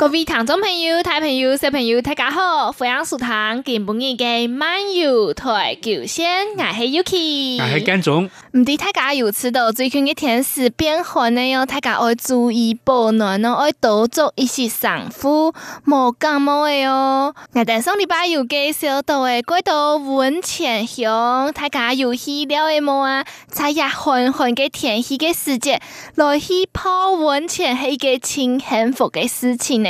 各位聽眾朋友，大朋友、小朋友，大家好！歡迎收聽今晡日嘅，漫遊台九線，愛、啊、是 Yuki，我是耕種。唔知大家有知到最近嘅天氣變寒了哦，大家要注意保暖咯，愛多做一些防護，冇感冒嘅哦。我哋上禮拜有去小島誒，過到溫泉鄉，大家有去撩誒冇啊？在熱混混嘅天氣嘅時節，去泡溫泉係一個輕幸福嘅事情呢。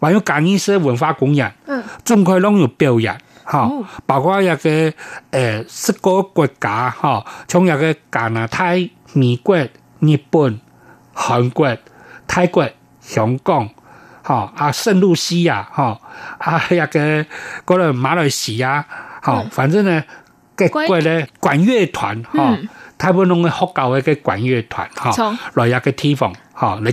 還有教呢些文化公園，嗯、中國人攏有表演，哈、嗯，包括一個誒，十個國,國家，哈，從一個加啊，泰、美國、日本、韓國、泰國、香港，哈，啊，聖露西亞，哈，啊，個馬來西亞，哈、嗯，反正呢，各國咧管樂團，哈、嗯，他們攏嘅佛教嘅管樂團，哈、嗯，來一個地方，哈，嚟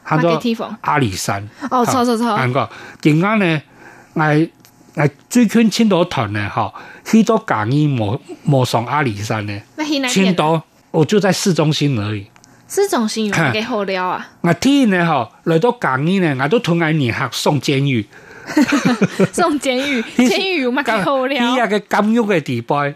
阿里山哦，錯錯錯，啱個。而家咧，我我追圈簽到團呢，嗬，去到嘉義冇冇上阿里山咧？青島、啊、我就在市中心而已。市中心有好好料啊！我天呢，嗬，來到嘉義呢我都同阿尼克送監獄，送監獄，監獄 獄 有乜好料？依家嘅監獄嘅地位。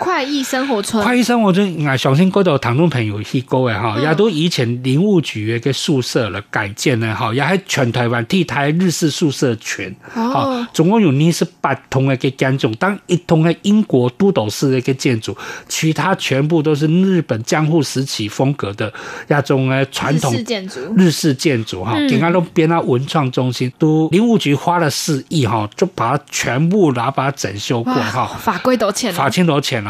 快意生活村，快意生活村，哎、嗯，相信嗰度聽眾朋友去過誒哈，也都以前林務局嘅宿舍了改建咧哈，也還全台灣替台日式宿舍群，哈、哦，總共有二十八棟嘅建築，單一棟係英國都鐸式嘅個建築，其他全部都是日本江戶時期風格的亞種傳統建築，日式建築哈，點解、嗯、都變到文創中心？嗯、都林務局花了四億哈，就把它全部拿把它整修過哈，法規都錢了？法青都錢了？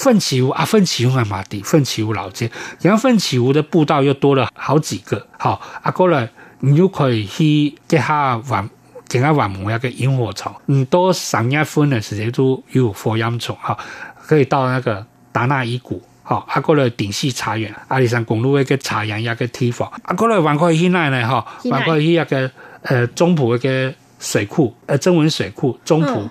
奮起湖糞，奮起湖係麻地，奮起湖老街，然後奮起湖的步道又多了好幾個。好，啊，過了你就可以去一下玩，點解玩冇一個螢火的蟲？唔多三一分嘅時間都有火焰蟲。哈，可以到那個達娜伊谷。哈，啊，過來，頂溪茶園，阿里山公路一個茶園一個梯房。啊，過來還可以奈呢？哈，還可以一個誒、呃，中埔個水庫，誒、呃，曾文水庫，中埔。嗯